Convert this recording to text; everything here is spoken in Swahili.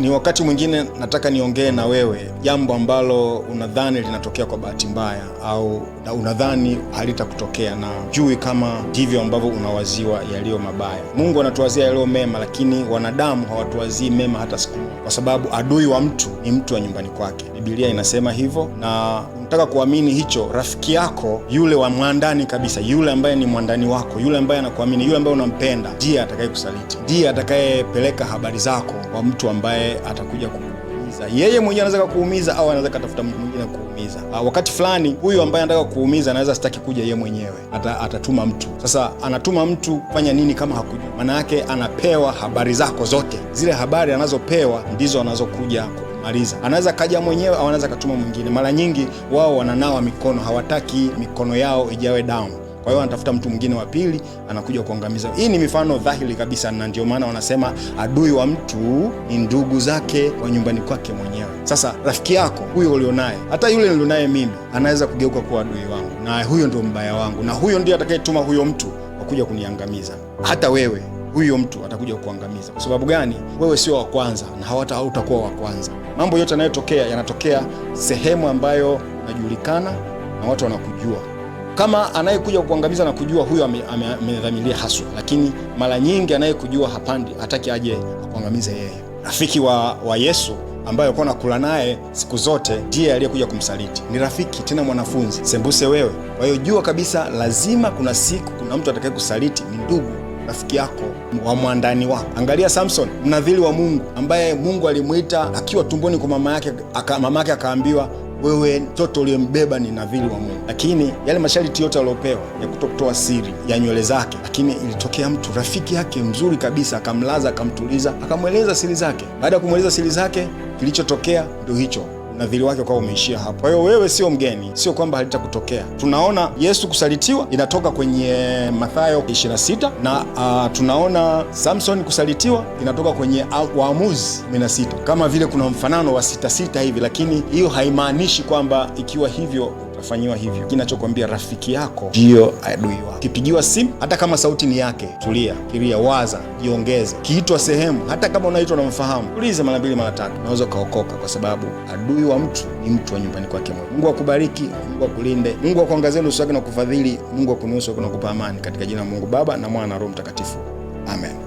Ni wakati mwingine nataka niongee na wewe jambo ambalo unadhani linatokea kwa bahati mbaya au na unadhani halitakutokea na jui kama ndivyo ambavyo unawaziwa yaliyo mabaya. Mungu anatuwazia yaliyo mema, lakini wanadamu hawatuwazii mema hata siku moja, kwa sababu adui wa mtu ni mtu wa nyumbani kwake. Biblia inasema hivyo, na nataka kuamini hicho. Rafiki yako yule wa mwandani kabisa, yule ambaye ni mwandani wako, yule ambaye anakuamini, yule ambaye unampenda, ndiye atakayekusaliti, ndiye atakayepeleka habari zako kwa mtu ambaye ambaye atakuja kuumiza yeye mwenyewe, anaweza kukuumiza au anaweza katafuta mtu mwingine kukuumiza. Ah, wakati fulani huyu ambaye anataka kukuumiza anaweza sitaki kuja yeye mwenyewe, ata, atatuma mtu. Sasa anatuma mtu kufanya nini kama hakujua? Maana yake anapewa habari zako zote, zile habari anazopewa ndizo anazokuja maliza anaweza kaja mwenyewe au anaweza katuma mwingine. Mara nyingi wao wananawa mikono, hawataki mikono yao ijawe damu. Kwa hiyo anatafuta mtu mwingine wa pili anakuja kuangamiza. Hii ni mifano dhahiri kabisa, na ndio maana wanasema adui wa mtu ni ndugu zake wa nyumbani kwake mwenyewe. Sasa rafiki yako huyo ulionaye, hata yule nilionaye mimi, anaweza kugeuka kuwa adui wangu, na huyo ndio mbaya wangu, na huyo ndio atakayetuma huyo mtu wakuja kuniangamiza. Hata wewe huyo mtu atakuja kuangamiza. Kwa sababu gani? Wewe sio wa kwanza na hawata hautakuwa wa kwanza. Mambo yote yanayotokea yanatokea sehemu ambayo najulikana na watu wanakujua kama anayekuja kukuangamiza na kujua huyo amedhamiria haswa, lakini mara nyingi anayekujua hapandi, hataki aje akuangamize yeye. Rafiki wa, wa Yesu ambaye alikuwa nakula naye siku zote ndiye aliyekuja kumsaliti. Ni rafiki tena mwanafunzi, sembuse wewe. Kwa hiyo jua kabisa, lazima kuna siku kuna mtu atakaye kusaliti. Ni ndugu, rafiki yako wa mwandani wako. Angalia Samson, mnadhiri wa Mungu ambaye Mungu alimwita akiwa tumboni kwa mama yake, mama yake akaambiwa wewe mtoto uliyembeba ni nadhiri wa Mungu. Lakini yale masharti yote aliopewa ya kutokutoa siri ya nywele zake, lakini ilitokea mtu rafiki yake mzuri kabisa, akamlaza akamtuliza, akamweleza siri zake. Baada ya kumweleza siri zake, kilichotokea ndio hicho nadhiri wake ukawa umeishia hapo. Kwa hiyo wewe sio mgeni, sio kwamba halitakutokea. Tunaona Yesu kusalitiwa inatoka kwenye Mathayo 26 na uh, tunaona Samson kusalitiwa inatoka kwenye Waamuzi 16. Kama vile kuna mfanano wa sitasita hivi, lakini hiyo haimaanishi kwamba ikiwa hivyo kufanyiwa hivyo. Kinachokwambia rafiki yako ndiyo adui wako. Kipigiwa simu, hata kama sauti ni yake, tulia, kiria waza, jiongeze. Kiitwa sehemu, hata kama unaitwa unamfahamu, ulize mara mbili mara tatu, unaweza ukaokoka, kwa sababu adui wa mtu ni mtu wa nyumbani kwake mwenyewe. Mungu akubariki, Mungu akulinde, Mungu akuangazie uso wake na kufadhili, Mungu akunusu na kukupa amani, katika jina la Mungu Baba na Mwana na Roho Mtakatifu, amen.